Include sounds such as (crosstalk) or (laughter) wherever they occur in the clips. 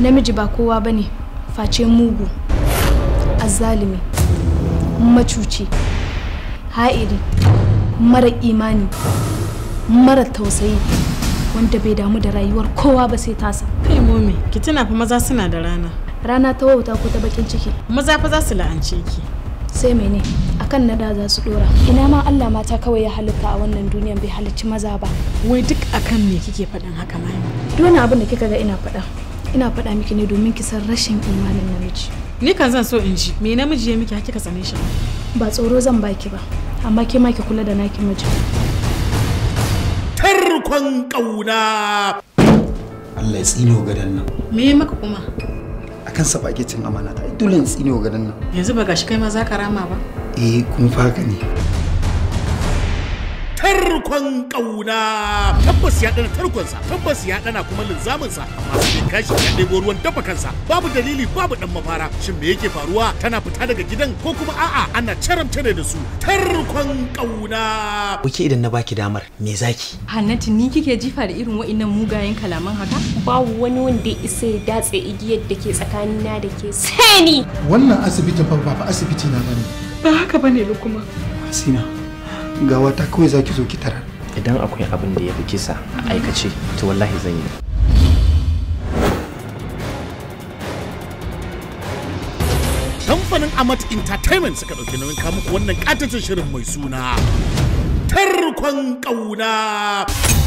namiji ba kowa bane face mugu azalimi, macuci ha'iri mara imani mara tausayi wanda bai damu da rayuwar kowa ba sai tasa kai momi ki tuna fa maza suna da rana rana ta wauta ko ta bakin ciki maza fa za su la'ance ki sai mene akan naɗa za su dora ina ma Allah mata kawai ya halitta a wannan duniyan bai halicci maza ba wai duk akan me kike faɗin haka mai dole abin da kika ga ina faɗa ina faɗa miki ne domin ki san rashin imanin namiji ni kan zan so in ji me namiji ya miki har kika tsane shi ba tsoro zan baki ba amma ke ma ki kula da naki miji tarkon kauna Allah ya tsino gadan nan me maka kuma akan sa baki cin amana ta dole in tsino gadan nan yanzu ba gashi kai ma za ka rama ba eh kun faka ne tarkon ƙauna tabbas ya ɗana tarkonsa tabbas ya dana kuma linzaminsa masu bin kashi ya ɗebo ruwan dafa kansa babu dalili babu ɗan mafara shin me yake faruwa tana fita daga gidan ko kuma a'a ana charamta ne da su tarkon ƙauna. Wuke idan na baki damar me zaki? Hannatu ni kike jifa da irin wa'innan mugayen kalaman haka? Babu wani wanda ya isa ya datse igiyar da ke tsakanina da ke sani. Wannan asibitin fa ba asibiti na bane. Ba haka bane lokuma Asina. ga wata kawai za ki zo ki tara. idan akwai abin da ya fi kisa a aikace to wallahi zan yi kamfanin amat entertainment suka ɗauki nauyin kamu wannan katacin shirin mai suna tarkon ƙauna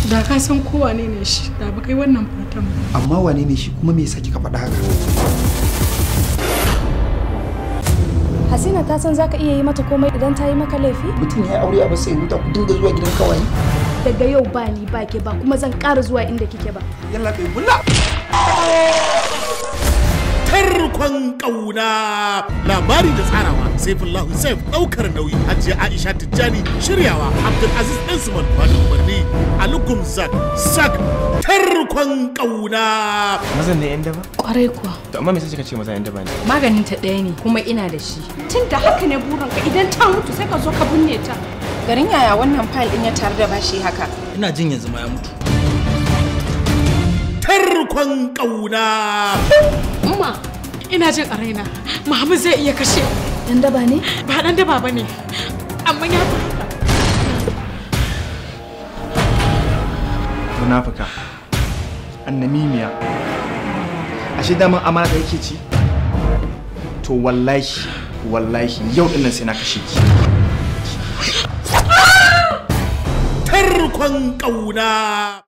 da ka san ko ne ne shi da ba kai wannan fatan ba amma wane ne shi kuma me yasa kika faɗa haka hasina ta san zaka iya yi mata komai idan ta yi maka laifi mutum ya aure a basa sai huta ku dinga zuwa gidan kawai daga yau ba ni ba ke ba kuma zan ƙara zuwa inda kike ba yalla bai bulla tarkon ƙauna labari da tsarawa saifullah hussein ɗaukar nauyi hajiya aisha tijjani shiryawa aziz ɗan suman ba da umarni alukum zak zak tarkon ƙauna mazan ne yan daba kwarai kuwa to amma me sai kika ce maza yan daba ne maganin ta daya ne kuma ina da shi tun da haka ne burin ka idan ta mutu sai ka zo ka binne ta garin yaya wannan fayil ɗin ya tare da bashi haka ina jin yanzu ma ya mutu tarkon ƙauna. Umma, ina jin a raina, Muhammad zai iya kashe. Dan daba ne? Ba dan daba ba ne, amma ya fi haka. Munafuka, annamimiya, ashe daman amana da yake ci? To wallahi, wallahi yau nan sai na kashe ki. tarkon ƙauna.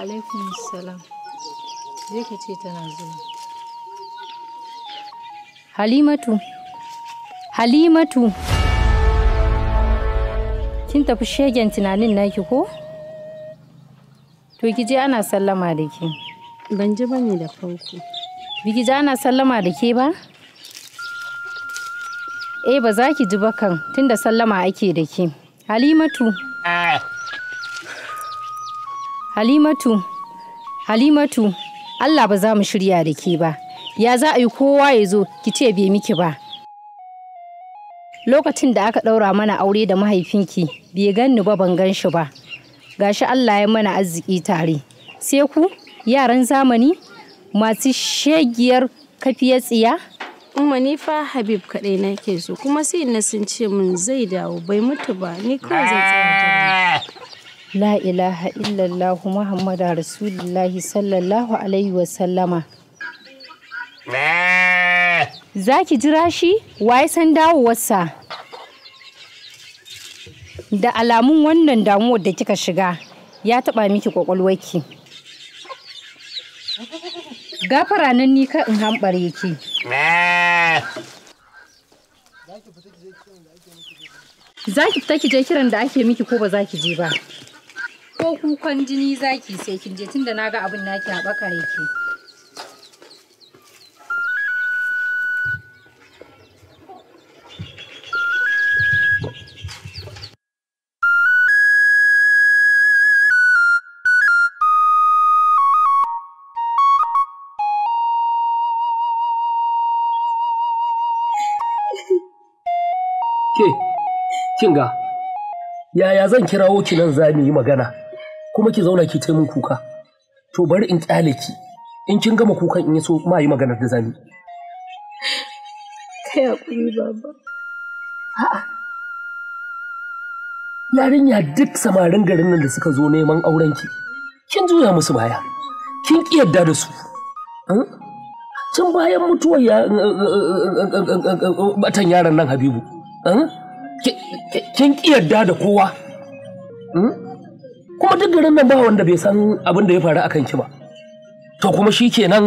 alaikum salam zai ka ce tana zuwa halimatu halimatu kin tafi shegen tunanin naki ko to ki je ana sallama da ke ban ji bane da farko biki ji ana sallama da ke ba eh ba za ki ji ba kan tunda sallama ake da ke halimatu ah. Halimatu, Halimatu, Allah ba za mu shirya da ke ba, ya za a yi kowa ya zo ki ce bai miki ba. Lokacin da aka ɗaura mana aure da mahaifinki, bai ganni ba ban gan shi ba. Gashi Allah ya mana arziki tare. Sai ku yaran zamani masu shegiyar kafiyar tsiya? Umma ni fa Habib kaɗai ke so kuma sai na sun ce min zai dawo bai mutu ba ni kawai zai tsaye La ilaha illallah Muhammadu Rasulullahi sallallahu Alaihi wasallama. Za ki jira shi? Waye san dawowarsa? Da alamun wannan damuwar da kika shiga ya taɓa miki ƙwaƙwalwarki. Gafara nan ni ka in hambare ki. Za ki fita ki je kiran da ake miki ko ba za ki je ba? ko kukan jini zaki sai kin je tunda ga abin naki a baka yake Ke, yaya zan kirawo ki nan za mu yi magana? kuma ki zauna ki ce min kuka to bari in kyale ki in kin gama kukan in so ma yi maganar da zani kai hakuri baba yarinya duk samarin garin nan da suka zo neman auren ki kin juya musu baya kin ki da su hmm? can bayan mutuwar batan yaran nan habibu hmm? kin ki da kowa hmm? kuma duk garin nan ba wanda bai san abin da ya faru akan ki ba to kuma shi kenan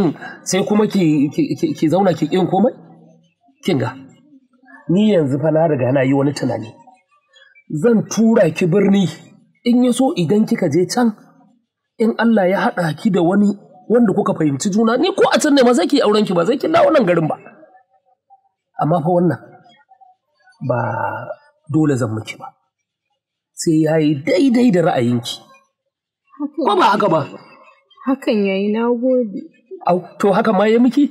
sai kuma ki zauna ki kin komai kin ga ni yanzu fa na riga na yi wani tunani zan tura ki birni in ya so idan kika je can in Allah ya haɗa ki da wani wanda kuka fahimci juna ni ko a can ne ma zai ki auren ki ba zai ki dawo nan garin ba amma fa wannan ba dole zan miki ba sai ya yi daidai da ra'ayinki. Ko ba haka ba? Hakan ya yi na gode. to haka ma ya miki?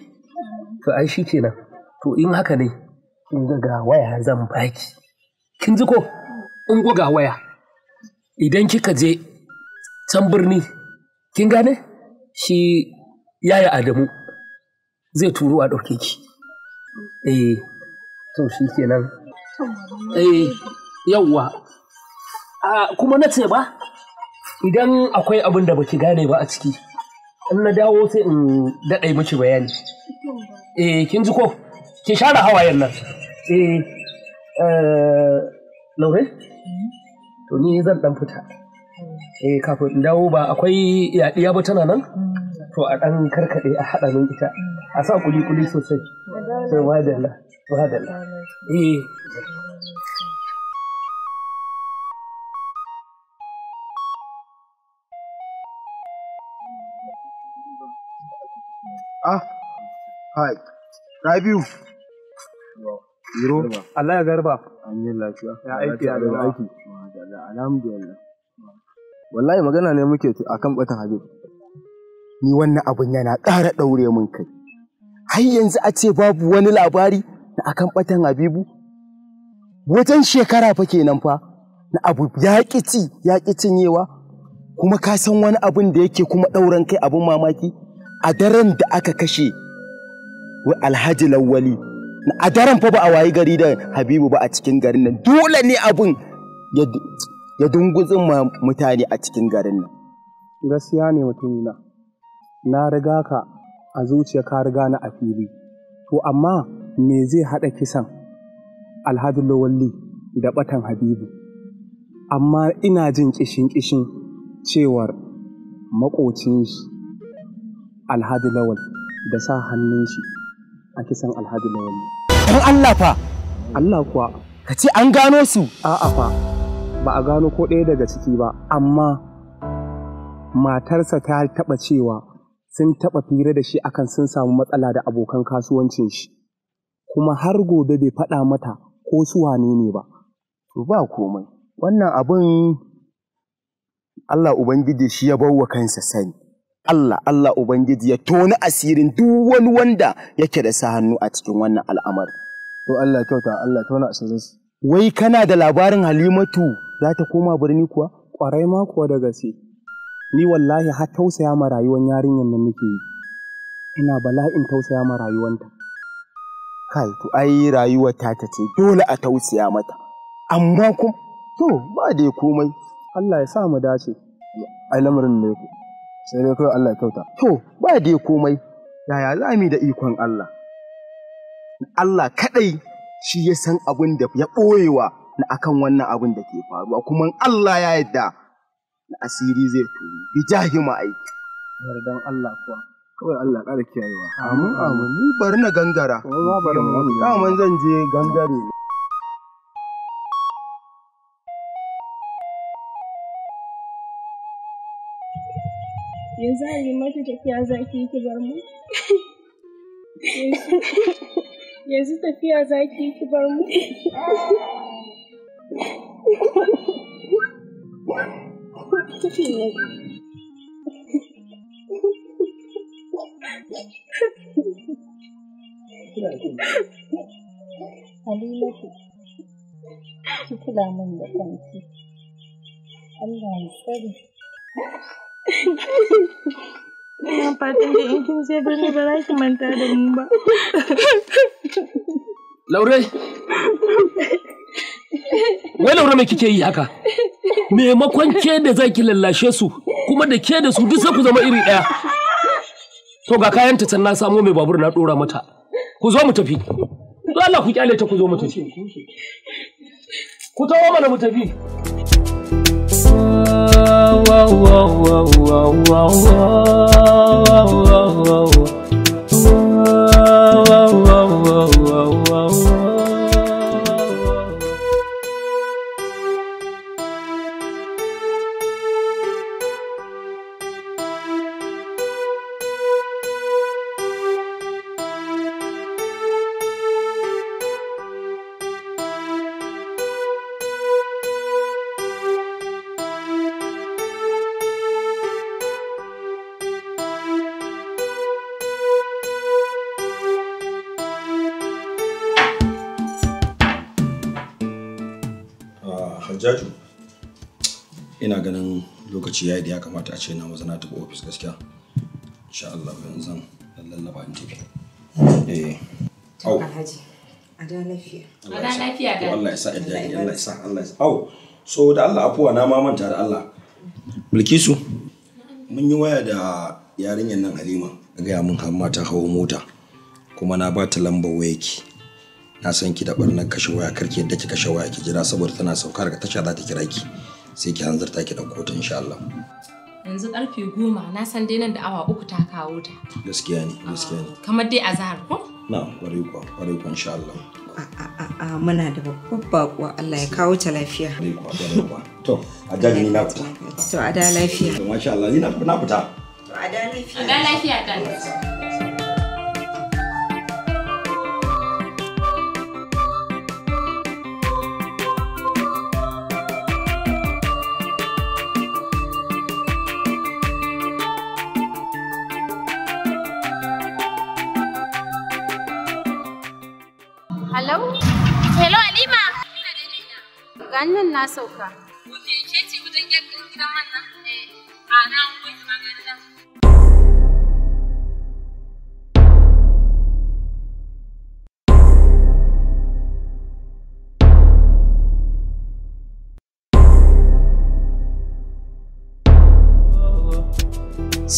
To ai shi kenan. To in haka ne, in ga waya zan baki. Kin ji ko? In ga waya. Idan kika je can birni, kin gane? Shi yaya Adamu zai turo a ɗauke ki. Eh, to shi kenan. Eh, yawwa. kuma na ce ba idan akwai abin da baki gane ba a ciki in na dawo sai in daɗa miki bayani eh kin ji ko ki share hawayen nan eh, eh laure to ni zan dan fita eh kafin in dawo ba akwai yaɗiya ba tana nan to a ɗan karkaɗe a haɗa min ita a sa kuli-kuli sosai sai wadalla wadalla eh Rabiu. Allah ya garba. An yi lafiya. Ya aiki ya garba. Aiki. Alhamdulillah. Wallahi magana ne muke a kan batan Habib. Ni wannan abun yana ƙara ɗaure min kai. Har yanzu a ce babu wani labari na akan batan Habibu. Wajen shekara fa kenan fa na abu ya ƙi ya cinyewa kuma ka san wani abun da yake kuma ɗauran kai abin mamaki a daren da aka kashe wai alhaji lawali a daren fa ba a wayi gari da habibu ba a cikin garin nan dole ne abin ya dunguzin ma mutane a cikin garin nan gaskiya ne mutumina na riga ka a zuciya ka riga na a fili to amma me zai haɗa kisan alhaji lawali da batan habibu amma ina jin kishin kishin cewar maƙocin shi alhaji lawal da sa hannun shi a kisan alhaji lawali dan Allah fa Allah kuwa ka ce an gano su a'a fa ba a gano ko ɗaya daga ciki ba amma matarsa ta taɓa cewa sun taɓa fira da shi akan sun samu matsala da abokan kasuwancin shi kuma har gobe bai faɗa mata ko su wane ne ba to ba komai wannan abin Allah Ubangiji shi ya bawa kansa sani Allah Allah Ubangiji ya toni asirin duk wani wanda yake da sa hannu a cikin wannan al'amari. To Allah kyauta Allah tona asirin Wai kana da labarin Halimatu za ta koma birni kuwa? Ƙwarai ma kuwa da gaske. Ni wallahi har tausaya ma rayuwar yarinyar nan nake yi. Ina bala'in tausaya ma rayuwanta. Kai to ai rayuwar ta ta ce dole a tausaya mata. Amma kuma to ba da komai. Allah ya sa mu dace. Ai lamarin ne ku. sai dai kawai Allah ya kyauta to ba dai komai yaya za mu da ikon Allah Allah kadai shi ya san abin da ya ɓoyewa na akan wannan abin da ke faruwa kuma Allah ya yadda na asiri zai turu bi jahima aiki yardan Allah kuwa kawai Allah ƙara kiyayewa amin amin ni bari na gangara amin zan je gangare yanzu tafiya za ki yi ki mu yanzu tafiya za ki bar mu min da kanki. Allah ya tsare. fatan da in kin je birni ba za ki manta da mu ba. Laure! Wai Laure mai kike yi haka? Maimakon ke da za ki lallashe su kuma da ke da su duk sai ku zama iri ɗaya. To ga kayan ta na samo mai babur na ɗora mata. Ku zo mu tafi. Dole ku kyale ta ku zo mu tafi. Ku tawo mana mu tafi. whoa, whoa, whoa, whoa, whoa, whoa, whoa, whoa, whoa. lokaci ya da ya kamata a ce na maza na ofis gaskiya insha Allah yanzu zan lallaba in tafi eh au alhaji a lafiya lafiya Allah ya sa Allah ya sa Allah ya sa au so da Allah afuwa na ma manta da Allah Bilkisu mun yi waya da yarinyar nan Halima gaya mun har mata hawo mota kuma na ba ta lambar wayarki na san ki da barnar kashe waya karki yadda ki kashe waya ki jira saboda tana sauka daga tasha za ta kira ki sai ki hanzarta ki ɗauko ta insha Allah. Yanzu karfe goma na san dai nan da awa uku ta kawo ta. Gaskiya ne, gaskiya ne. Ah, kamar dai a zahar ko? Na, kwarai kuwa, kwarai kuwa insha Allah. A'a ah, ah, muna da babbar bakuwa Allah ya kawo ta lafiya. Kwarai kuwa, kwarai kuwa. To, a da ni na fita. To, a da lafiya. To, masha Allah, ni na fita. To, a da lafiya. A da lafiya, da. gani nan na sauka. Oke, ke ce wajen gyaɗin gidan wannan. Eh, a na wani magana nan.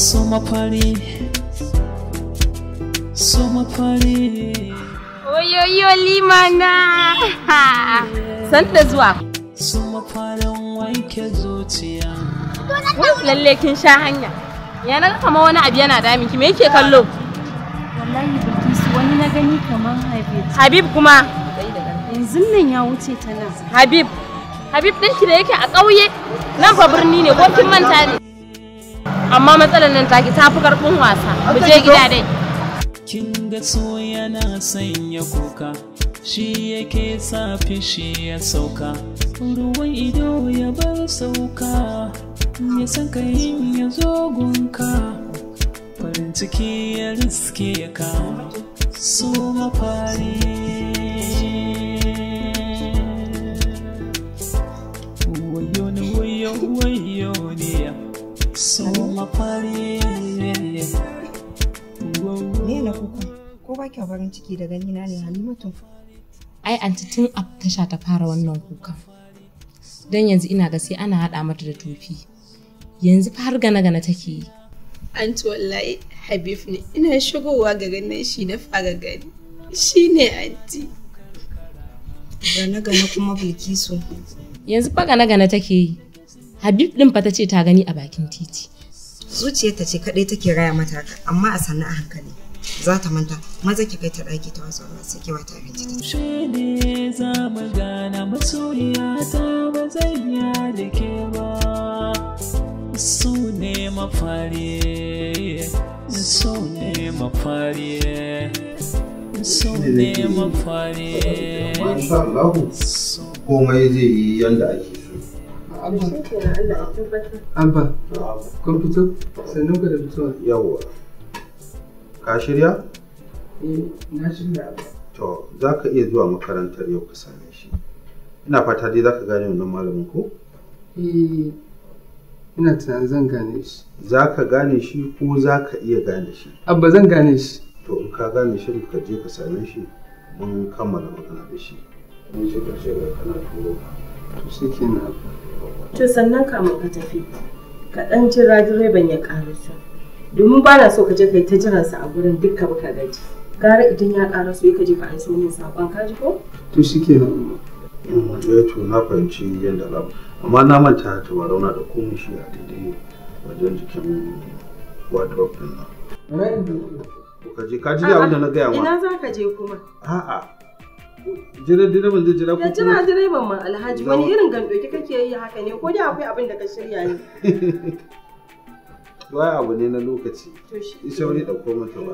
Summer (laughs) party, summer party. Oyoyo limana. Santa zuwa. su mafarin wanke zuciya lalle kin sha hanya yanar kama wani abu yana damin ki me yake kallo wallahi bilkisu wani na gani kaman habib habib kuma yanzu nan ya wuce ta nan habib habib ki da yake a ƙauye nan fa birni ne ko kin manta ne amma matsalar nan taki ta fi karfin wasa mu je gida dai kin ga so yana sanya kuka shi yake sa fishi ya sauka ruwan ido ya bar sauka ya san kayin ya zo gunka farin ciki ya riske ka so mafari wayo ne wayo wayo ne so mafari ne na kuka ko ba kyau farin ciki da ganina ne halimatu ai anti tun a tasha ta fara wannan kukan don yanzu ina ga sai ana haɗa mata da tofi yanzu fa har gana gana take yi anti wallahi habib ne ina shigowa ga ganin shi na fara gani shi ne anti gana gana kuma bilkisu yanzu fa gana gana take yi habib din fa tace ce ta gani a bakin titi zuciyarta ce kaɗai take raya mata amma a sannu a hankali za ta manta maza ki kai ta ɗaki ta watsa ruwa sai ki wata abinci ta shi ne za mu gana masoyiya ta ba zai biya da ke ba su ne mafari su ne mafari su ne mafari komai zai yi yanda ake Abba, Abba, kun Sannan ka da fitowa. Yawwa. Ka shirya? Eh, na shirya. To, za ka iya zuwa makarantar yau ka same shi. Ina fata dai za ka gane wannan malamin ko? Eh, ina tunanin zan gane shi. Za ka gane shi ko za ka iya gane shi? Abba zan gane shi. To, in ka gane shi ka je ka same shi mun kammala magana da shi. Mun ce ka da kana turo. To, shi kenan. To, sannan ka ka tafi. Ka ɗan jira direban ya ƙarusa. domin ba na so ka je kai ta sa a gurin dukka baka gaji gara idan ya ƙara so ka je ka ansa min saƙon ka ji ko to shikenan ya eh, to na fahimci yadda za amma na manta ta ba rauna da komai shi a daidai wajen jikin wardrobe din nan ka je ka ji da wanda na gaya ma ina za ka je kuma a'a jira ban zai jira kuma ya jira ban ma alhaji wani irin gando kake yi haka ne ko da akwai abin da ka shirya ne (laughs) Wai abu ne na lokaci. Isa wani ɗauko mata ba.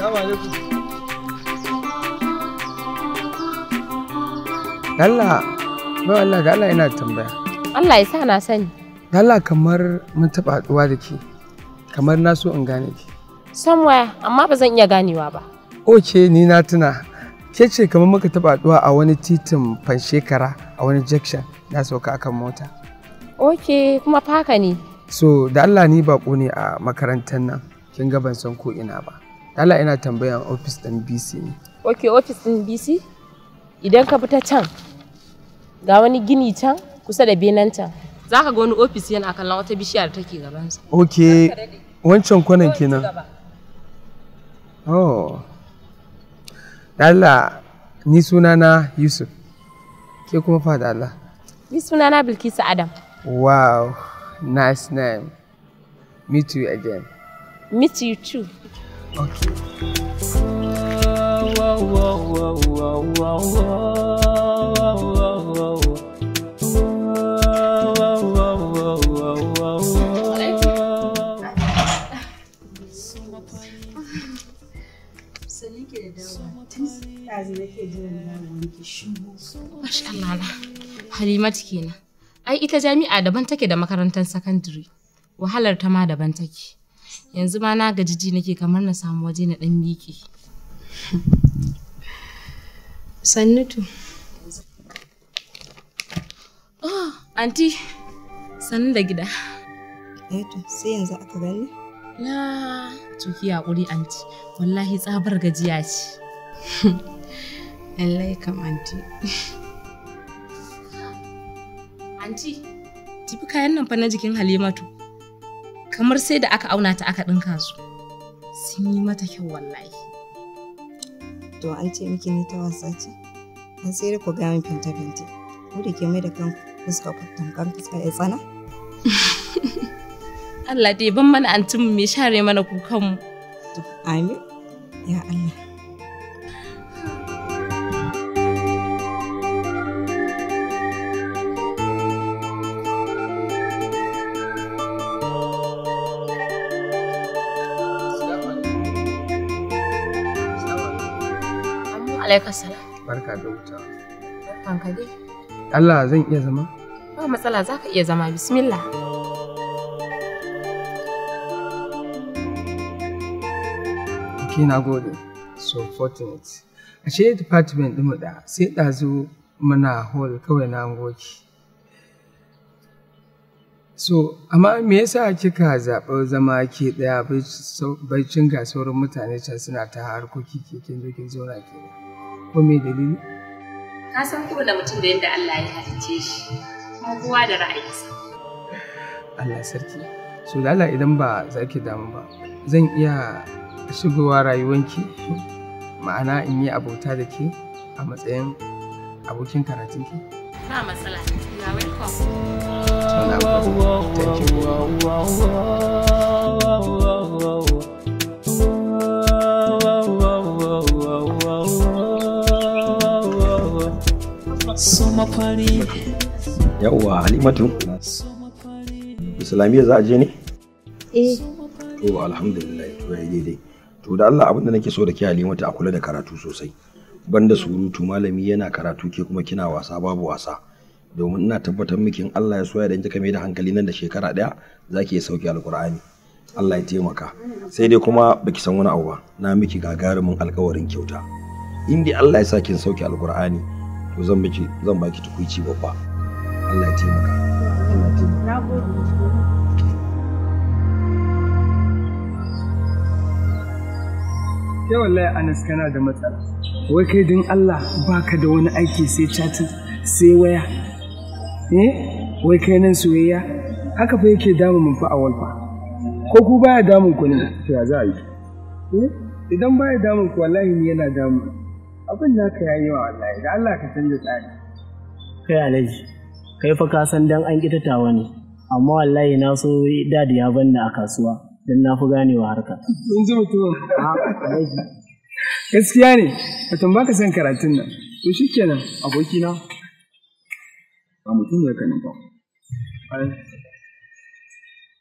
Allah, bai Allah da Allah yana tambaya. Allah ya sa na sani. Allah kamar mun taɓa haɗuwa da ke, kamar na so in gane ki. Somewhere, amma ba zan iya ganewa ba. Oke, ni na tuna. ke ce kamar muka taɓa haɗuwa a wani titin fanshekara a wani junction na sauka akan mota ok kuma faka ne so da allah ni bako ne a makarantar nan kin ga ban san ko ina ba allah ina tambayan office ɗin bc ne ok office ɗin bc idan ka fita can ga wani gini can kusa da benan can za ka ga wani ofis yana kallon wata bishiya da take gabansa ok wancan kwanan kenan oh Allah ni sunana Yusuf. Ke kuma fada Allah. Ni sunana Bilkisu Adam. Wow, nice name. Meet you again. Meet you too. Okay. Wow, wow, wow, wow, wow, wow. Masha Allah Halimatu kenan. Ai ita jami'a daban take da makarantar sakandare. Wahalar ta ma daban take. Yanzu ma na gajiji nake kamar na samu waje na dan miƙe. Sannutu. Oh, anti, sannu da gida. Eto, eh sai yanzu aka gani? La, tuki haƙuri anti, wallahi tsabar gajiya ce. (laughs) lallai kam anti anti tafi kayan nan na jikin halimatu kamar sai da aka auna ta aka ɗinka su sun yi mata kyau wallahi to an ce miki ni ta wasa ce an sai da ku ga min fente fente ku da ke mai da kan fuska ku tamkar fuska ya tsana (laughs) Allah dai ban mana antin me share mana kukan mu amin ya Allah Alaikar salam. Barka da wuta. Barkanka dai. Allah zan iya zama? Ba matsala za ka iya zama bismillah. Ki na gode. So fortunate. Ashe department ɗinmu da sai ɗazu muna hall kawai na goki. So, amma me yasa kika zaɓi zama ke ɗaya baicin ga sauran mutane can suna ta harkoki ke kin zo kin zauna ke ko me dalili ka san kowane mutum da yadda Allah ya halicce shi kuma kowa da ra'ayinsa Allah sarki so lala idan ba za ki damu ba zan iya shigowa rayuwanki ma'ana in yi abota da ke a matsayin abokin karatunki ba matsala na welcome yawwa halimatu islamiyya za a je ne eh to alhamdulillah to yayi daidai to da Allah abin da nake so da ke halimatu a kula da karatu sosai banda surutu malami yana karatu ke kuma kina wasa babu wasa domin ina tabbatar miki Allah ya so ya ka kame da hankali nan da shekara daya zaki iya sauki alkur'ani Allah ya taimaka sai dai kuma baki san wani abu ba na miki gagarumin alkawarin kyauta in dai Allah ya sa kin sauki alkur'ani to zan miki zan baki tukuici babba Allah ya taimaka Allah ya taimaka ya wallahi anas kana da matsala wai kai din Allah baka da wani aiki sai chatin sai waya eh wai kai nan soyayya haka fa yake damu mun fa awal fa ko ku baya damun ku ne to ya za a yi eh idan baya damun ku wallahi ni yana damu abin da ka yi wa wallahi da Allah ka canza tsari kai alaji kai fa ka san dan an kitatawa ne amma wallahi na so dadi ya banna a kasuwa dan na fi ganewa harka in ji mutumin ah, gaskiya ne mutum baka san karatun nan to shikenan abokina ba mutum ya kanin ba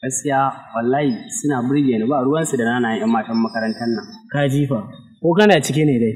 gaskiya wallahi suna burge ni ba ruwansu da nana yan matan makarantar nan ka jifa ko kana cike ne dai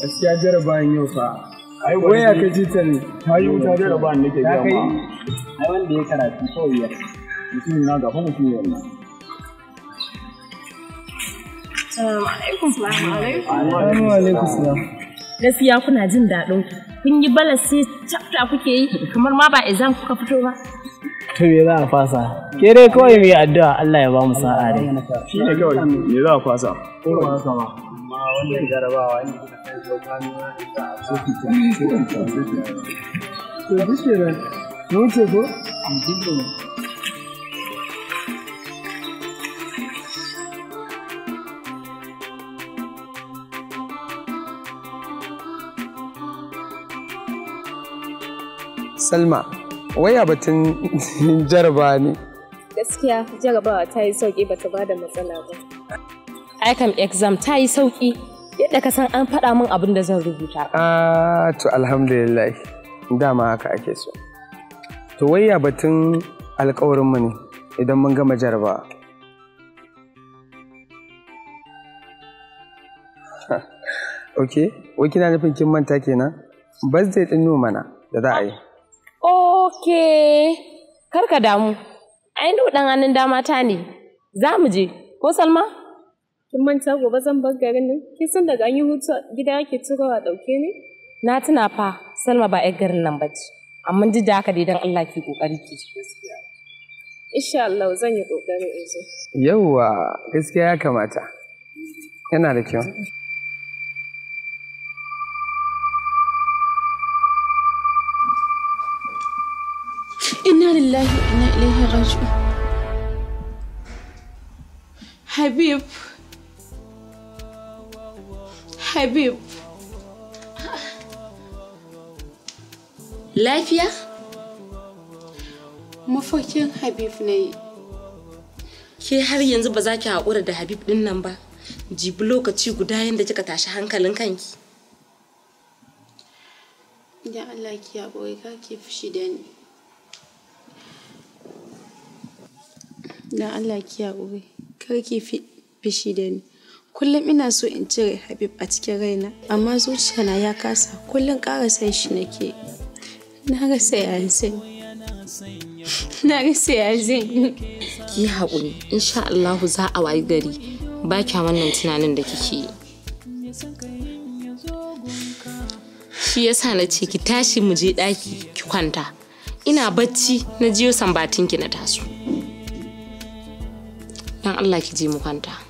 gaskiya jarabawan yau fa waya ka ji ta ne ta yi wuta jarabawan nake ke gama ai wanda ya karatu kawai ya mutum na gaba mutum ya Assalamu alaikum. Assalamu alaikum. Gaskiya kuna jin daɗin ku. kun yi bala sai chapter kuke yi kamar ma ba exam kuka fito ba to me za a fasa ke dai kawai mai addu'a Allah ya ba mu sa'a dai shi ne kawai me za a fasa ko ba haka ba amma ya jarabawa ne to wai kenan Salma, batun jaraba ne? Gaskiya jarabawa ta yi sauƙi ba ta ba da matsala ba. Aikam exam ta yi sauƙi da ka san an faɗa min abin da zan rubuta. Ah, to alhamdulillah dama haka ake so. To wayya batun mu ne idan mun gama jarabawa (laughs) Ok, wai kina nufin kin manta kenan? Bas Birthday ɗin mana da za a yi. Ok, karka damu. Ai, ɗan hannun dama ta ne. Za mu je, ko Salma? kin manta gobe zan bar garin nan kin san daga an yi hutu gida ake turawa dauke ne na tuna fa salma ba yar garin nan bace amma duk da haka dai dan Allah ki kokari ki insha Allah zan yi kokari in zo yauwa gaskiya ya kamata yana da kyau inna lillahi ina inna ilaihi raji'un habib Habib. Lafiya? Mafarkin Habib ne. Ke har yanzu ba za ki haƙura da Habib ɗin nan ba, jibi lokaci guda yadda kika tashi hankalin kanki. Ya Allah ki ka ki fushi da ni. Allah ki yaƙuri ka ki fushi da ni. kullum ina so in cire habib a cikin raina amma zuciya na ya kasa kullum ƙara san shi nake na rasa ya (laughs) na rasa ki haƙuri insha Allahu za a wayi gari ba kya wannan tunanin da kike yi shi yasa na ce ki tashi mu je ɗaki ki kwanta ina bacci na jiyo sambatin ki na taso dan Allah ki je mu kwanta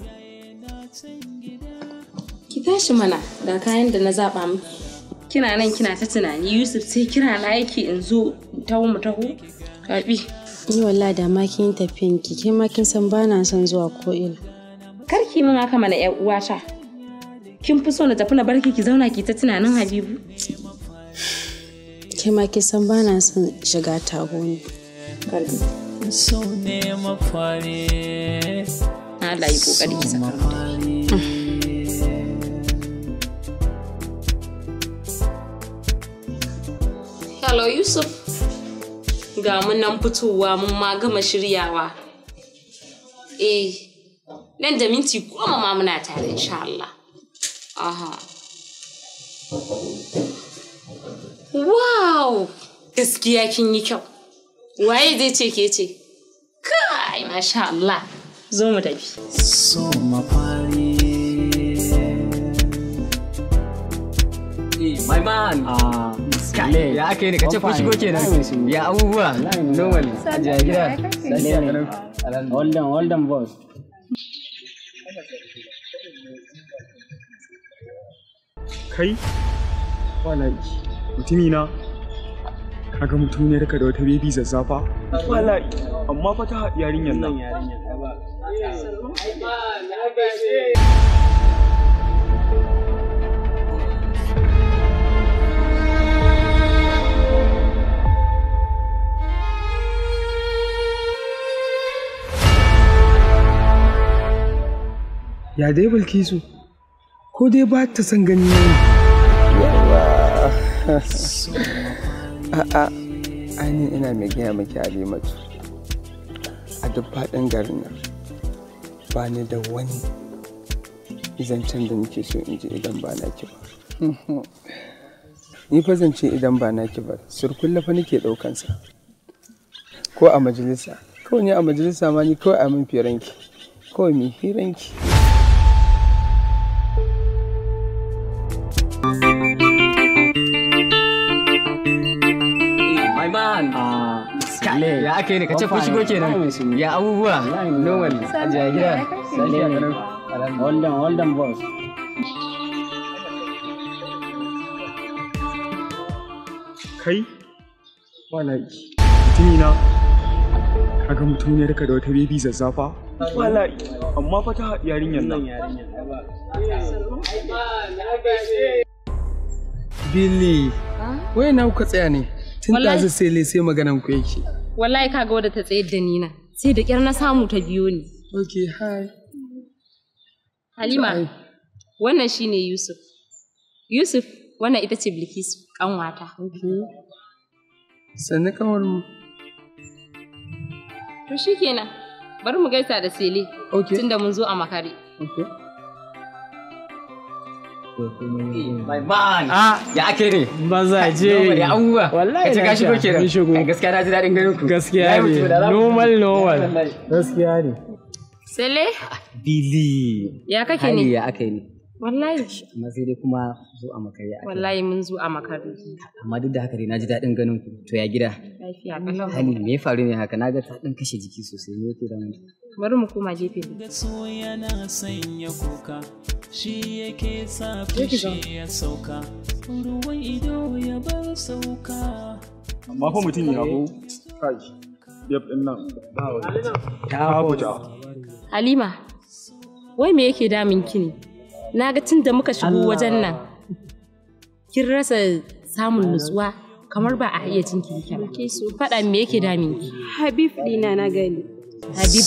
ki tashi mana ga kayan da na zaɓa miki kina nan kina ta tunani yusuf sai kira na yake in zo taho mu taho karɓi. ni wallahi da ma kin tafiyan ki ke ma kin san bana son zuwa ko ina karki min haka mana ƴan uwata kin fi so na tafi na barki ki zauna ki ta tunanin habibu ke ma kin san bana son shiga tago ne karbi Sau ne mafare Allah yi ƙoƙari ki saka Salo Yusuf ga mu nan fitowa mun ma gama shiryawa. Eh, nan da minti goma ma muna tare insha Allah. Aha. Wow! Gaskiya kin yi kyau. Waye zai ce ke ce? Kai, masha Allah. Zo mu tafi. So mafari. Hey, eh, my man. Ah. Uh... ya aka yi ne kace kun shigo kenan ya abubuwa normal Ajiya gida Holden Holden boss kai walaki mutumi na kaga mutum ne raka da wata baby zazzafa walaki amma fa ta yarinyar nan yarinyar ba ya dai bilkisu ko dai ba ta san gani ne (laughs) a'a ainihin ina mai gina maki alimatu a duk faɗin garin nan ba ni da wani zancen da nake so in ji idan ba na ki ba (laughs) ni fa zance idan ba na ki ba surkulla fa nake ɗaukansa ko a majalisa kawai ne a majalisa ma ni kawai a min firanki kawai mai firanki. ya aka yi ne ka ce kun shigo kenan ya abubuwa normal a jagira wannan wannan boss kai wallahi mutumi na kaga mutum ne raka da wata bebi zazzafa wallahi amma fa ta yarinyar nan Billy, wai na kuka tsaya ne? Tun ta sai sai maganan ku yake. wallahi kaga wadda ta tsayar da ni na sai da kyar na samu ta biyo ni ok hi halima wannan shine yusuf yusuf wannan ita ce bilkisu kanwata ok sannu kawar mu to shikenan bari mu gaisa da sele okay tunda mun zo a makare okay Hmm. My man! Ah. Ya ake ne? Mazaje! Ya abubuwa! Wallahi na shigo ke nan. shigo. Gaskiya na ji daɗin ganin ku. Gaskiya ne. Normal normal. Gaskiya ne. Sele? Bili. Ya kake ne? Ya ake ne. wallahi amma sai dai kuma zo a makare wallahi mun zo a makari amma duk da haka dai naji daɗin ganin ku to ya gida lafiya kalau hali me faru ne haka naga ta dan kashe jiki sosai me yake da mu bari mu koma jefe ne so yana sanya kuka shi yake sa fushi ya sauka ruwan ido ya bar sauka amma fa mutum ya go kai yab din nan ta hago ta Halima wai me yake damin ki ne na ga tun da muka shigo wajen nan kin rasa samun nutsuwa kamar ba a iya cin ki ba faɗa me yake damin ki habib dina na gani habib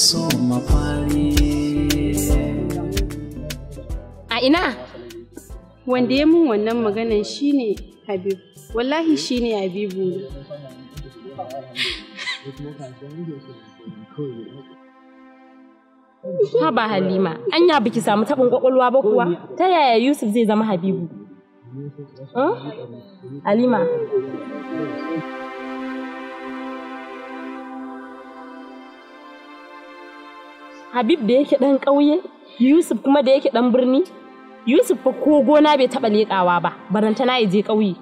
a ina wanda ya mun wannan maganan shine habib wallahi shine habibu (laughs) Ha ba Halima, anya biki samu tabin ƙwaƙwalwa ba kuwa? Ta yaya Yusuf zai zama Habibu? Halima. Habib da yake ɗan ƙauye, Yusuf kuma da yake ɗan birni, Yusuf fa ko gona bai taɓa leƙawa ba, barantana ya je ƙauye.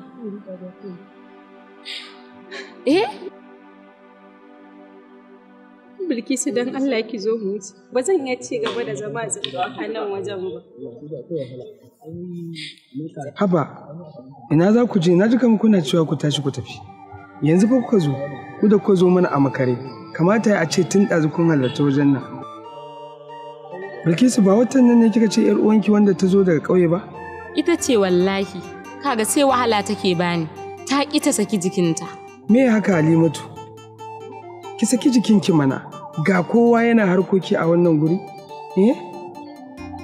Eh? bilkisu don Allah ki zo mu ci, ba zan iya ci gaba da zama a nan wajen ba haba ina za ku je na ji kamar kuna cewa ku tashi ku tafi yanzu fa kuka zo ku da kuka zo mana a makare kamata a ce tun ɗazu kun halarta wajen nan bilkisu ba watan nan ne kika ce yar uwanki wanda ta zo daga ƙauye ba ita ce wallahi kaga sai wahala take bani ta ƙi ta saki jikinta me haka halimatu ki saki jikinki mana ga kowa yana harkoki a wannan guri eh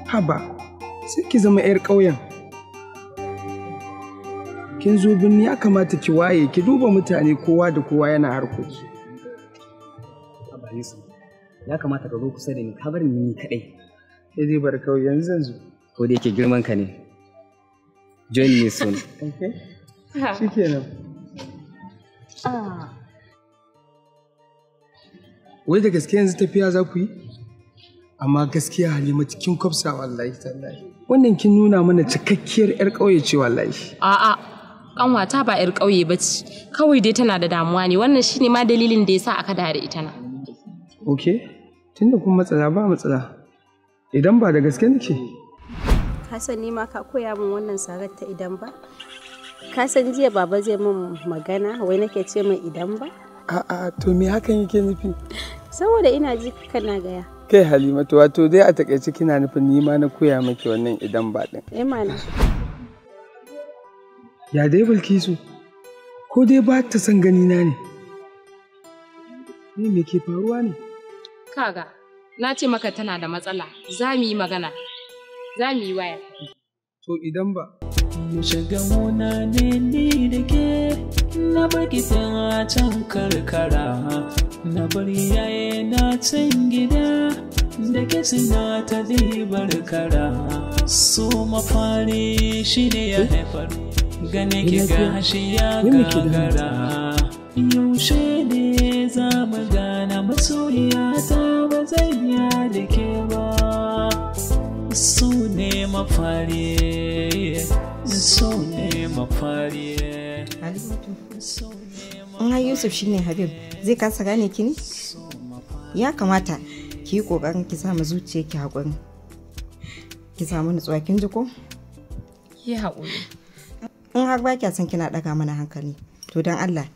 haba sai ki zama 'yar ƙauyen kin zo birni ya kamata ki waye ki duba mutane kowa da kowa yana harkoki ya kamata ka zo kusa da ni ka bar ni kaɗai sai zai bar kawai yanzu zan zo ko da yake girman ka ne join me soon (laughs) shikenan ah wai da gaske yanzu tafiya za ku yi amma gaskiya halima cikin kwafsa wallahi tallahi wannan kin nuna mana cikakkiyar yar ƙauye ce wallahi a'a kanwata ba yar ƙauye ba ce kawai dai tana da damuwa ne wannan shine ma dalilin da yasa aka dare ita na okay tunda kun matsala ba matsala idan ba da gaske nake Hassan ne ma ka koya min wannan sarar ta idan ba ka san jiya baba zai min magana wai nake ce min idan ba a'a to me hakan yake nufi saboda ina ji kana gaya kai halimatu wato dai a takaice kina nufin ni ma na koya maki wannan idan ba din eh mana ya dai bilkisu ko dai ba ta san gani na ne Ni me ke faruwa ne kaga na ce maka tana da matsala za mu yi magana za mu yi waya to idan ba mu shiga muna ne ni da ke na bar gidan a can karkara na bar yaye na can gida da ke suna ta dibar kara su mafari shi ne ya haifar gane ki gashi ya gagara yaushe ne za mu gana masoya ta ba zan ya da ke ba su ne mafari su ne mafari in har yusuf shine habib zai kasa gane ki ne ya kamata ki yi kokarin ki samu zuciya ki haƙuri ki samu nutsuwa kin ji ko ki haƙuri in har ba kya san kina ɗaga mana hankali to don allah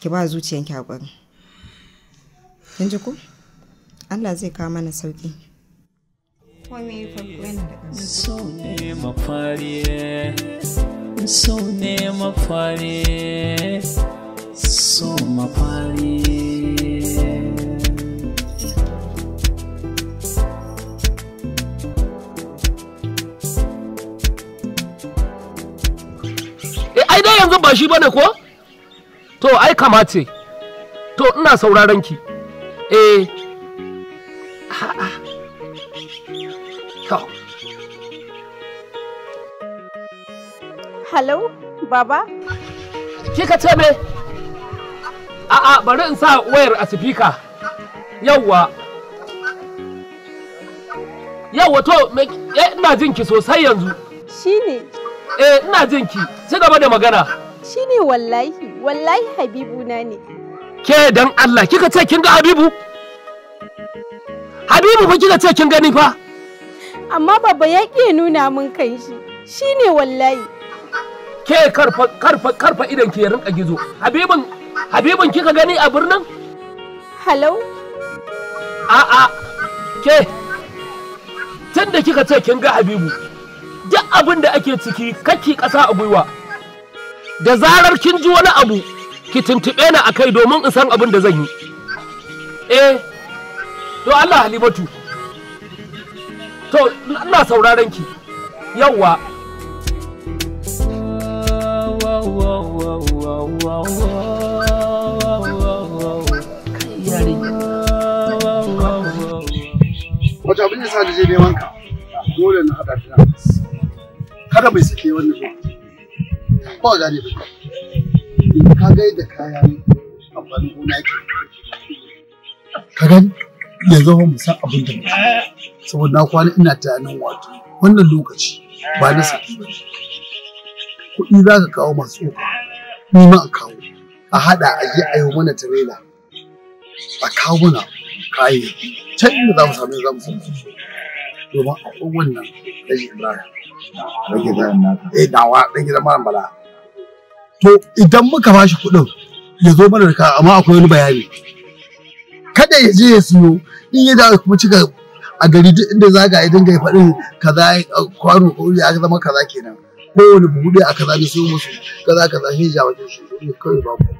ki ba zuciyan ki haƙuri kin ji ko allah zai kawo mana sauƙi So ne mafariye so ne mafari so mafari eh, ai dai yanzu ba shi bane ko to ai kamace to ina sauraron ki eh ha Hello, Baba? Kika ce me? A'a, bari in sa wayar a sifika. Yawwa. Yawwa to, eh, ina jin ki sosai yanzu. Shi Eh, ina jin ki. Ci gaba da magana. Shi ne wallahi, wallahi Habibu na ne. Ke dan Allah, kika ce kin ga Habibu? Habibu fa kika ce kin gani fa? Amma baba ya ƙi nuna min kan shi. Shi ne wallahi. ke karfa karfa karfa idan ke rinka gizo habibin habibin kika gani a birnin hello a a ke tun kika ce kin ga habibu duk abin da ake ciki kake ƙasa a gwiwa da zarar kin ji wani abu ki tuntuɓe ni a kai domin in san abin da zan yi eh to Allah halimatu to ina sauraron ki yawwa Wata abin da sa da je neman ka dole na haɗa ta kada bai sake wannan ba ba gane ba in ka gai da kaya amfanin gona ke ka gani yanzu ba mu san abin da saboda na kwana ina tunanin wato wannan lokaci ba na saki ba kuɗi za ka kawo masu tsoka ni ma a kawo a haɗa a je ayo mana tirela a kawo mana kayi can inda za mu sami za mu sami domin a wannan rashin ibrahim rage zaran naka eh dawa dan gidan mara bala to idan muka bashi kuɗin ya zo mana da amma akwai wani bayani kada ya je ya siyo in ya dawo kuma cika a gari duk inda zaga ya dinga ya faɗin kaza eh, kwano ko ya zama kaza kenan kowane buhu a kaza ne sai musu kaza kaza shi ja wajen shi ne kawai ba ku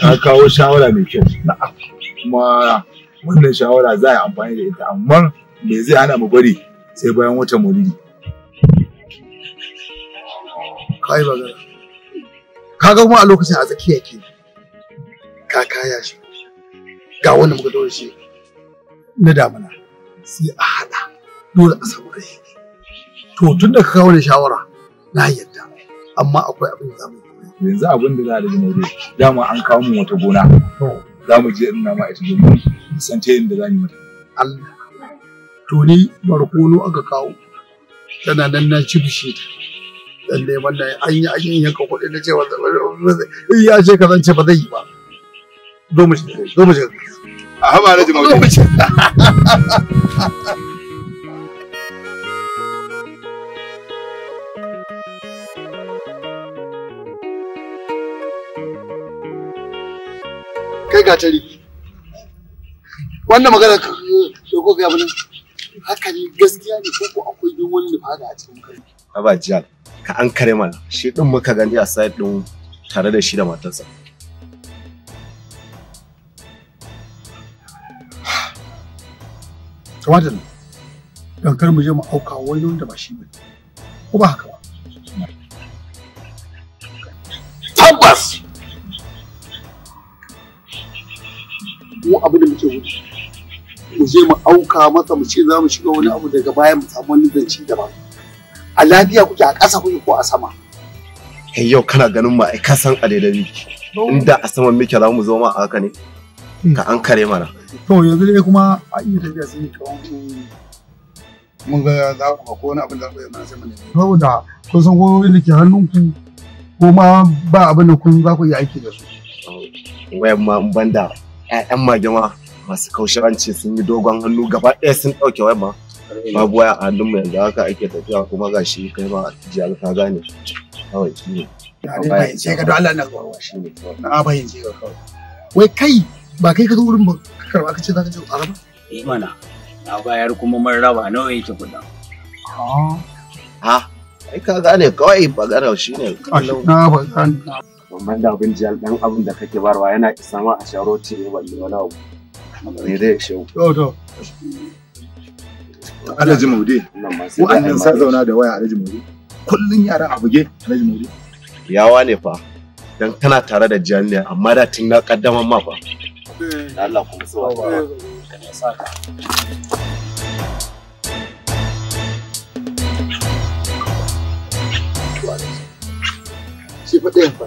ka kawo shawara mai kyau na'am kuma wannan shawara za a yi amfani da ita amma me zai hana mu bari sai bayan wata maulidi kai ba gara ga kuma a lokacin a tsakiya ke ka kaya shi ga wanda muka dole shi na damana sai a haɗa dole a samu rai to tun da ka kawo da shawara na yadda amma akwai abin da za mu yi yanzu abin da za a rage nauri dama an kawo mu wata gona za mu je ina ma ita domin san ta yadda za mu mata Allah to ni barkono aka kawo tana nan na ci bishi ta dan dai wannan an yi an yi yanka kuɗi na cewa ya ce ka zan ce ba zai yi ba zo mu zo mu a haba na jama'a zo mu (laughs) gatari wannan magana da eh, ko ga abin haka ne gaskiya ne ko ko akwai duk wani da a cikin kai ba jiyan ka an kare mana shi din muka gani a side din tare da shi da matarsa kamata ne don kar mu je mu auka wani wanda ba shi ba ko ba haka mu abin da muke gudu mu je mu auka masa mu ce za mu shiga wani abu daga baya mu samu wani zance ba. a lafiya kuke a ƙasa kuke ko a sama kai yau kana ganin ma ai ka san a inda a saman muke za mu zo ma a haka ne ka an kare mana to yanzu dai kuma a iya tafiya sai kawai mun ga za ku ba ko wani abin da za ku yi mana sai mun yi saboda kun san goyoyin da ke hannunku ko ma ba abin da kun za ku yi aiki da su wayan ma banda ƴaƴan magima masu kaushiranci sun yi dogon hannu gaba ɗaya sun ɗauke wai ma babu waya a hannunmu yanzu haka ake tafiya kuma ga shi kai ma jiyar ka gane kawai shi ne. Sai ka Allah na kawai shi ne na bayyance ka kawai. Wai kai ba kai ka zo wurin ba karba ka ce za ka je araba? Eh mana na bayar kuma mun raba nawa yake kuɗin. Ha? Ah. Ah, ai ka gane kawai bagara shi ne. Na ba gane. Mamman da abin jiyar ɗan abin da kake barwa yana isa ma a sharo ce ne balle wani abu. ne zai shi. To to. Alhaji Maude. Wa'annan sa zauna da waya Alhaji Maude. Kullum yara a buge Alhaji Maude. Yawa ne fa. Dan tana tare da jiyar amma da tun na kaddaman ma fa. Allah kuma sa ba. shi fa ɗayan fa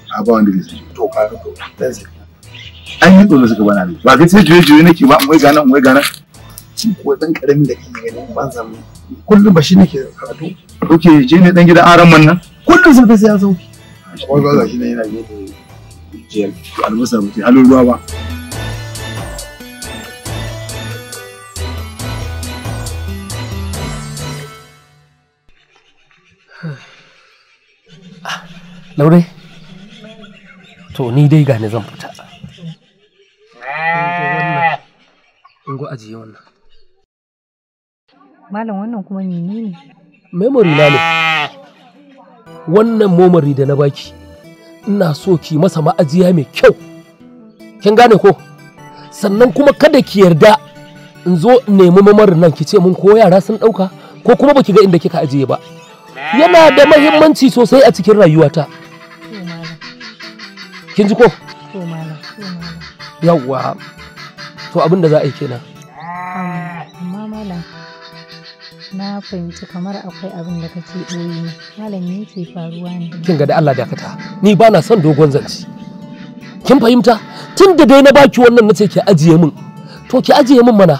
a ba wanda zai to ka ga to dan sai an yi tsoro suka bana ne ba ga sai juye juye nake ba mai ganan mai ganan shi ko dan karamin da kike ganin ban zan kullum ba shi nake karatu oke je ne dan gidan aran man nan kullum sai sai ya zo wai ba shi ne yana gefe jiyar albasa mutum halin ruwa ba Laure, to ni dai gane zan fita ajiye wannan malam wannan kuma ne? memory na ne wannan memory da na baki ina so ki masa ma'ajiya mai kyau kin gane ko sannan kuma kada ki yarda in zo in nemi memory nan ki ce mun ko yara sun ɗauka ko kuma baki ga inda kika ajiye ba yana da mahimmanci sosai a cikin rayuwata kin ji ko yawwa to abin da za a yi kenan amma malam na fahimci kamar akwai abin da kake ɓoye ne malam ne faruwa ne kin ga da Allah dakata ni ba na son dogon zance kin fahimta tun da dai na baki wannan na ce ki ajiye min to ki ajiye min mana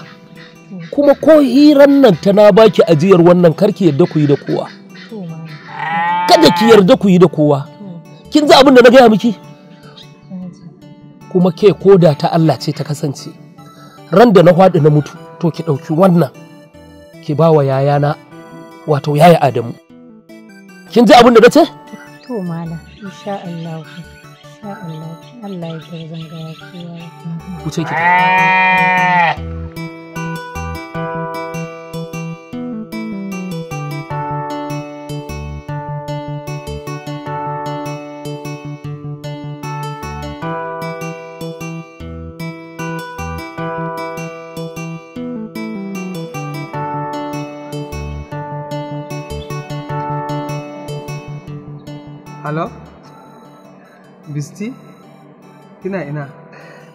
kuma ko hiran nan ta na baki ajiyar wannan karki yarda ku yi da kowa kada ki yarda ku yi da kowa kin ji abin da na gaya miki kuma ke koda ta Allah ce ta kasance ran da na faɗi na mutu to ki ɗauki wannan ki ba wa yayana wato yaya Adamu kin ji abin da nace to mala insha Allah insha Allah Allah ya zanga ya ku ce ki Hello? Bisti? Kina ina?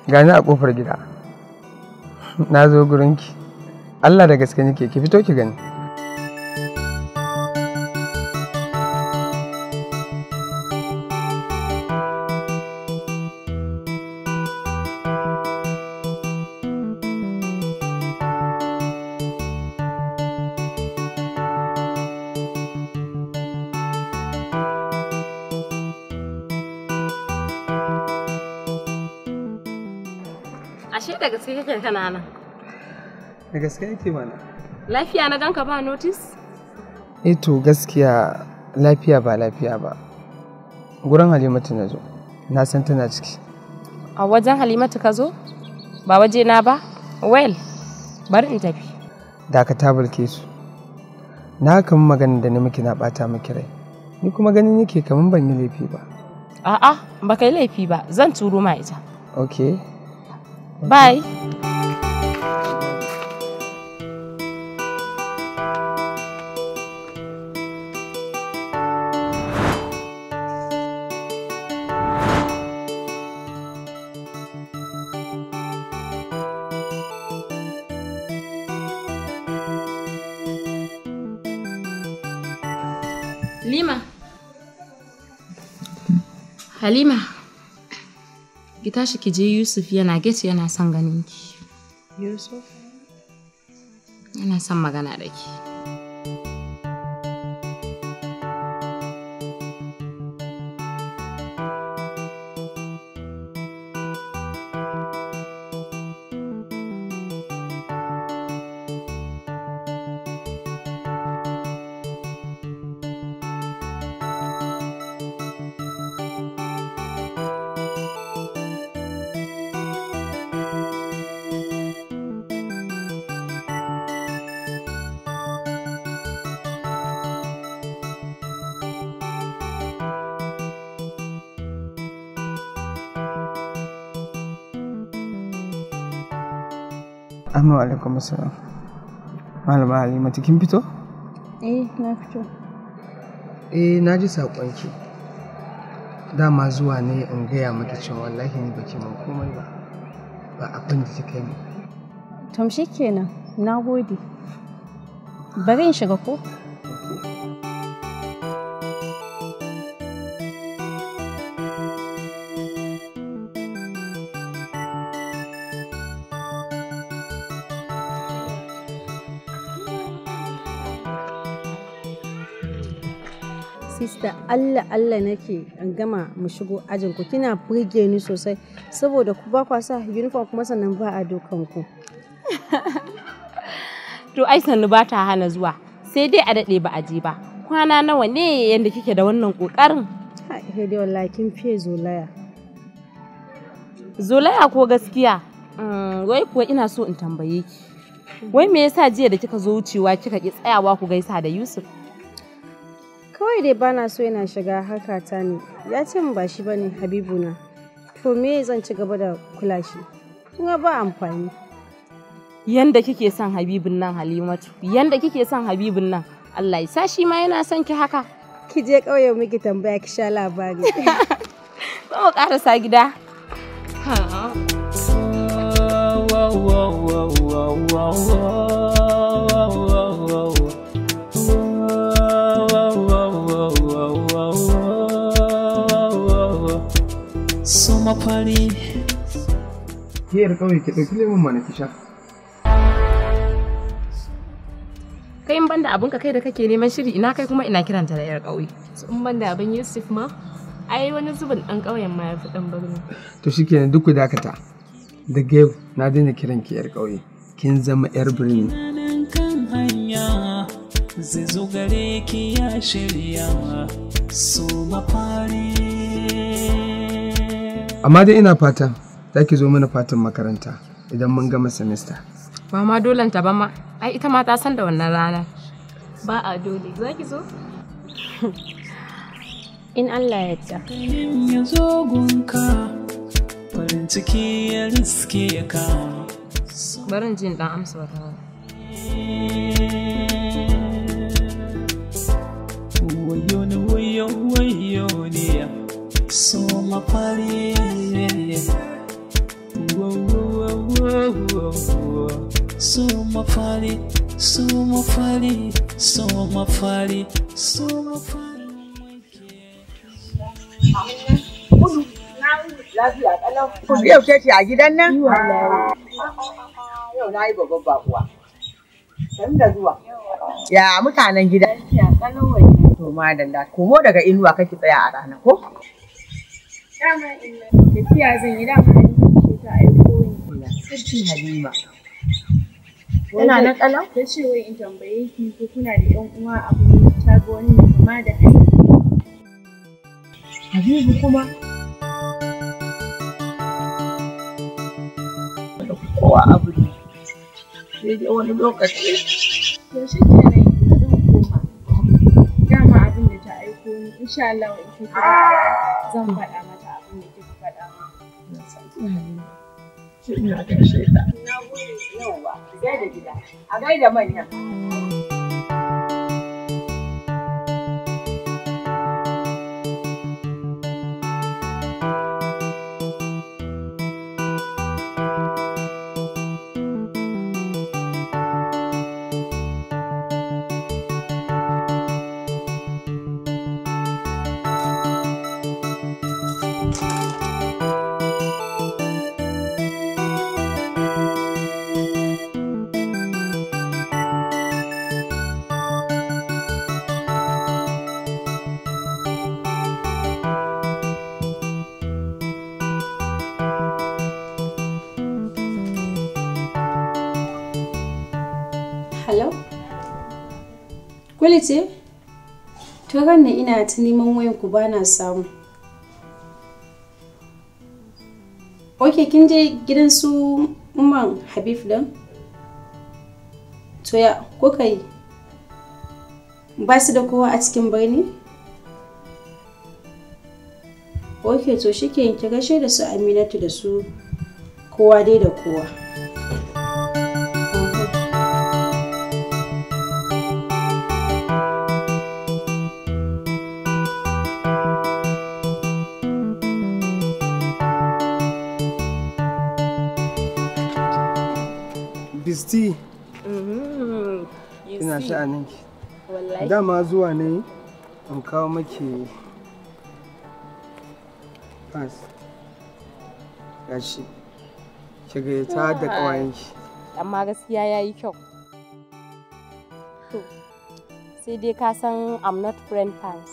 Gani a kofar gida. Na zo gurinki. Allah da gaske nake ki fito ki gani. da gaskiya yake mana lafiya na ganka ba notice eh to gaskiya lafiya ba lafiya ba gurin halimatu na zo na san tana ciki a wajen halimatu ka zo ba waje na ba well bari in tafi da ka tabarke su na kan magana da na miki na bata miki rai ni kuma ganin yake kaman ban yi laifi ba a'a ba kai laifi ba zan turo ma ita okay bye Lima. Halima. Ki tashi ki je Yusuf yana gaci yana son ganin ki. Yusuf? Yana son magana da ki. wa alaikum assalam malama halimatu kin fito eh na fito eh na ji da dama zuwa ne in gaya mata cewa wallahi ni baki mun komai ba ba abin da kai ne. tom kenan na gode bari in shiga ko Allah Allah nake in gama mu shigo ajin ku kina burge ni sosai saboda ku ba kwa uniform kuma sannan ba a dukan ku (laughs) to ai sannu ba ta hana zuwa sai dai a daɗe ba a je ba kwana nawa ne yadda kike da wannan kokarin he dai wallahi kin fiye zolaya zolaya ko gaskiya mm, wai kuwa ina so in tambaye ki wai me yasa jiya da kika zo wucewa kika ki tsayawa ku gaisa da Yusuf kawai dai bana so yana shiga haka ta ne ya ce min ba shi ne habibu na to me zan ci gaba da kula shi kuma ba amfani yanda kike son habibun nan halimatu yanda kike son habibun nan allah ya sa ma yana son ki haka ki je kauye miki tambaya ki sha labari ba (laughs) mu karasa gida ha mafari ki kai in banda abin ka kai da kake neman shiri ina kai kuma ina kiranta da yar kauye. in ma ai wani zubin ɗan ƙauyen ma ya fi ɗan birni to shikenan duk ku dakata da na daina kiran ki yar kauye kin zama yar birni shirya su mafari amma dai ina fatan za ki zo mana fatan makaranta idan mun gama semester ba ma dolanta ba ma ai ita ma ta san da wannan rana ba a dole za ki zo in Allah ya ta. ya zo gunka farin ciki ya riske barin jin dan amsa wata rana wayo ne wayo wayo so so mafari so mafari so mafari so mafari yau ce a gidan nan? yau na yi babban da zuwa ya mutanen gidan to madalla komo daga inuwa kake tsaya a rana ko? dama ina tafiya zan yi dama ce ta aiki kirkin Halima. Tana nan ƙalau? Ta ce wai in tambaye ki ko kuna da ƴan uwa a gurin ta ga wani mai kama da Habibu. Habibu kuma? Kowa abu ne. Sai dai wani lokaci. Yaushe kenan zan koma. Dama abin da ta aiko ni insha Allah in ta zan faɗa mata abin da kika faɗa min. ina gaishe ta. Na gode yawa, zai da gida, a gaida manyan. Kuli ce? To ranar ina ta neman wayanku ba na samu. Ok, kin je gidan su man Habib don? To ya, ko kai? Ba su da kowa a cikin birni? Ok, to shi ke kira da su Aminatu da su kowa dai da kowa. sha'aninki wallahi dama zuwa ne in kawo maki pass gashi ki gaita da ƙawayenki amma gaskiya ya yi kyau sai dai ka san i'm not friend fans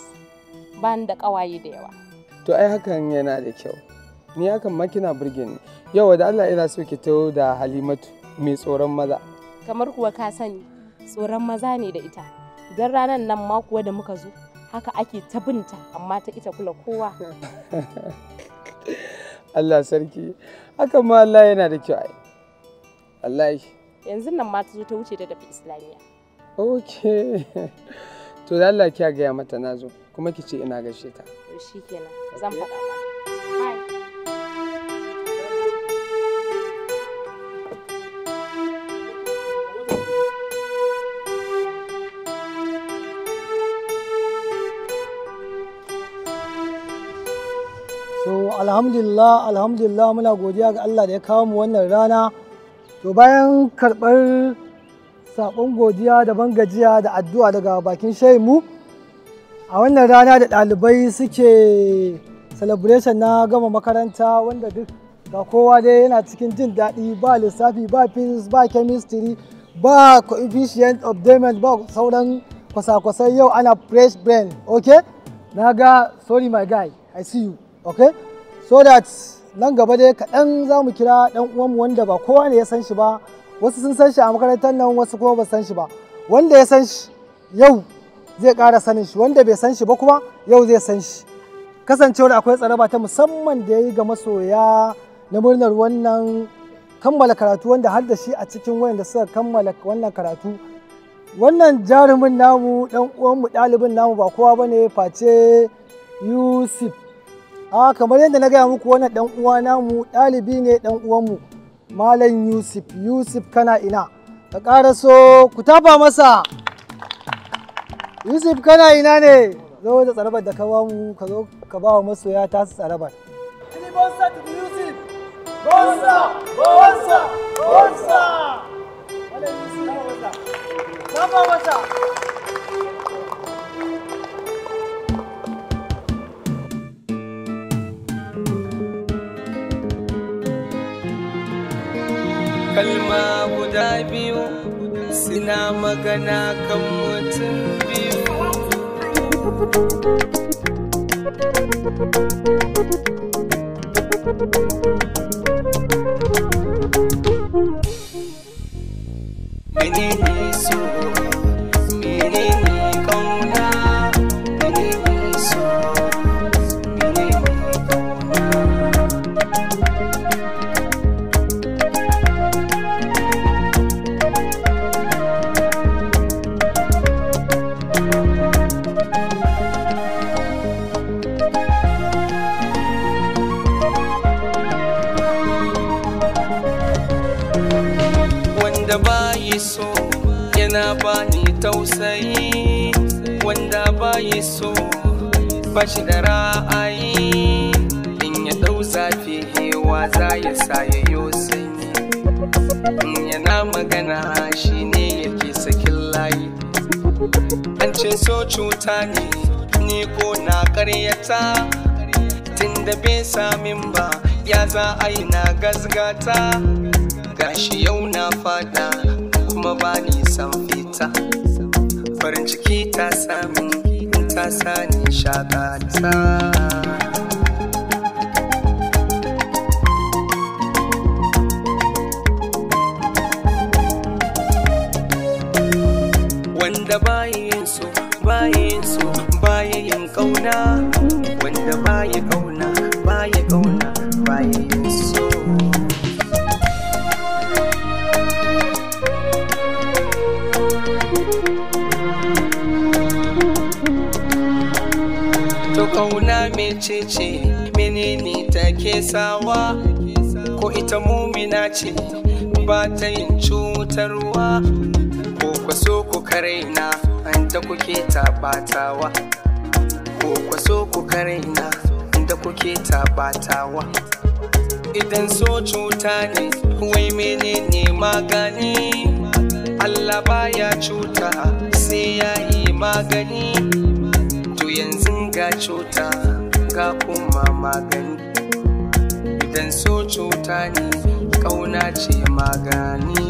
ban da ƙawaye da yawa to ai hakan yana da kyau ni hakan makina kina burge ni yau da Allah ina so ki taho da Halimatu mai tsoron maza kamar kuwa ka sani tsoron maza ne da ita don ranar nan ma kuwa da muka zo haka ake ta binta amma ta ita kula kowa (laughs) Allah sarki haka ma Allah yana da kyau ai wallahi yanzu nan ma ta zo ta wuce ta tafi islamiya okay (laughs) to da Allah kiya gaya mata na zo kuma ki ce ina gashe ta shikenan zan faɗa mata alhamdulillah alhamdulillah muna godiya ga Allah da ya kawo mu wannan rana to bayan karɓar saƙon godiya da ban gajiya da addu'a daga bakin mu a wannan rana da ɗalibai suke celebration na gama makaranta wanda duk ga kowa dai yana cikin jin daɗi ba lissafi ba physics ba chemistry ba coefficient of diamond ba sauran kwasa-kwasai yau ana fresh brain okay na ga sorry my guy i see you okay so that nan gaba dai kaɗan za mu kira ɗan uwanmu wanda ba kowa ne ya san shi ba wasu sun san shi a makarantar nan wasu kuma ba san shi ba wanda ya san shi yau zai ƙara sanin shi wanda bai san shi ba kuma yau zai san shi kasancewar akwai tsaraba ta musamman da ya yi ga masoya na murnar wannan kammala karatu wanda har da shi a cikin wayanda suka kammala wannan karatu wannan jarumin namu ɗan uwanmu ɗalibin namu ba kowa bane face yusuf a kamar yadda na gaya muku wannan dan uwa namu ɗalibi ne dan uwanmu malam yusuf yusuf kana ina ka ƙara so ku tafa masa yusuf kana ina ne zo da tsarabar da ka ba mu ka zo ka ba wa masoya ta su tsarabar bonsa yusuf bonsa bonsa bonsa malam bonsa kalma guda biyu suna magana kan mutum biyu Menene su bashi da ra'ayi in ya dau zafi hewa za ya sa ya yo sanyi in yana magana shi ne yake sakin layi an ce so cuta ne ni ko na karyata tun da bai samin ba ya za a yi na gazgata gashi yau na fada kuma ba ni san fita farin ciki ta samun ta ni shaka nisa wanda bayin su bayin su bayin kauna wanda bayi kauna bayi kauna ce menene take sawa ko ita mumina ce ba ta yin cutarwa ko kwaso ku karaina an da kuke tabatawa ko kwaso ku karaina inda kuke tabatawa idan so cuta ne wai menene magani Allah baya cuta sai ya yi magani to yanzu ga cuta ga kuma magani idan so cuta ne kauna ce magani